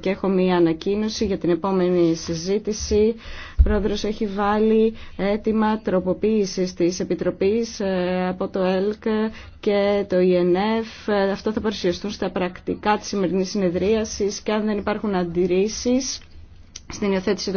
και έχω μία ανακοίνωση για την επόμενη συζήτηση. Ο Πρόεδρος έχει βάλει έτοιμα τροποποίησης της Επιτροπής ε, από το ΕΛΚ και το ΙΕΝΕΦ. Αυτό θα παρουσιαστούν στα πρακτικά της σημερινής συνεδρίασης και αν δεν υπάρχουν αντιρρήσεις στην υιοθέτηση του